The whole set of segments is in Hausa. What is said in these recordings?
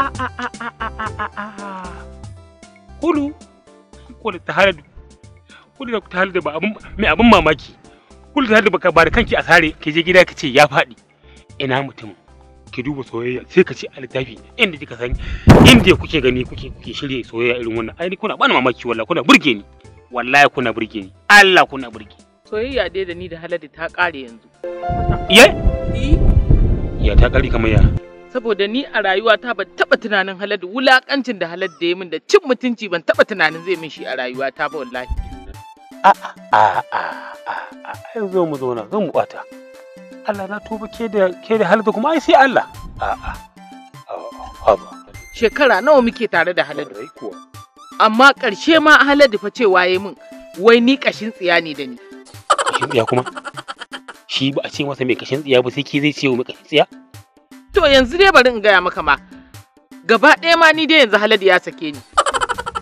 a a a a a a kulu kulu ta haladu kulu ta haladu ba mai abin mamaki kulu ta haladu ba da kanki a sare ke je gida ka ce ya faɗi ina mutum ki duba soyayya sai ka ce a littafi inda kika san inda kuke gani kuke kuke shirye soyayya irin wannan ai kuna bani mamaki wallahi kuna burge ni wallahi kuna burge ni Allah kuna burge soyayya dai da ni da haladu ta kare yanzu ye eh. ya ta kare kamar ya saboda ni a rayuwata ban taba tunanin halar wulakancin da halar da ya min da cin mutunci ban taba tunanin zai min shi a rayuwata ba wallahi a a a a a yanzu mu zauna zan mu bata Allah na tuba ke da ke da halar kuma ai sai Allah a a haba shekara nawa muke tare da kuwa amma ƙarshe ma halad fa cewa yayi min wai ni kashin tsiya ne da ni kashin tsiya kuma shi ba a ce masa mai kashin tsiya ba sai ki zai ce wa mai kashin tsiya To yanzu dai bari in gaya maka ma. Gaba ɗaya ma ni dai yanzu Haladu ya sake ni.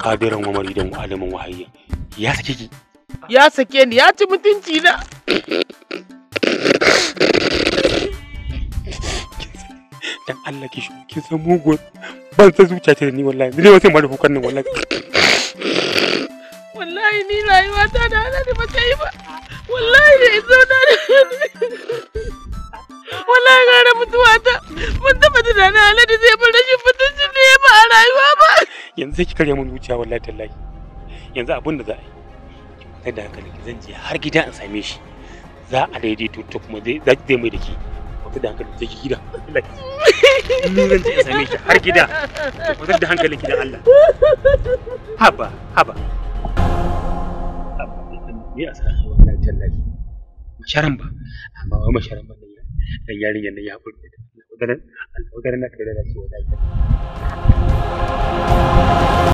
Kadiran wa maridan alimin wahayya. Ya sake ki. Ya sake ni ya ci mutunci na. Dan Allah ki shi ki san mugun. Ban san zuciya ta ni wallahi. Ni ba sai ma da hukan nan wallahi. Wallahi ni rayuwa ta da Haladu ba ta yi ba. Wallahi da in zauna tunanin Haladu zai bar rashin mutunci da ya ba a rayuwa ba. Yanzu sai ki karya mun zuciya wallahi tallahi. Yanzu abin da za a yi. Ki da hankali ki zan je har gida in same shi. Za a daidaito ta kuma zai zai zai mai da ki. Fitar da hankali ki gida. Ni zan je in same shi har gida. Ki fitar da hankali ki da Allah. Haba haba. Ni a sa'a wallahi tallahi. Masharan ba. Amma wa masharan ba dan yarinyar nan ya haƙuri maganar na kai da na ce wa